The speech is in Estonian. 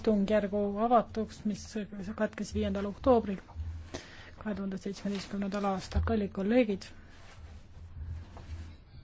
istungjärgu avatuks, mis katkes viiendal oktoobril kahe tuhande seitsmeteistkümnendal aastal. kallid kolleegid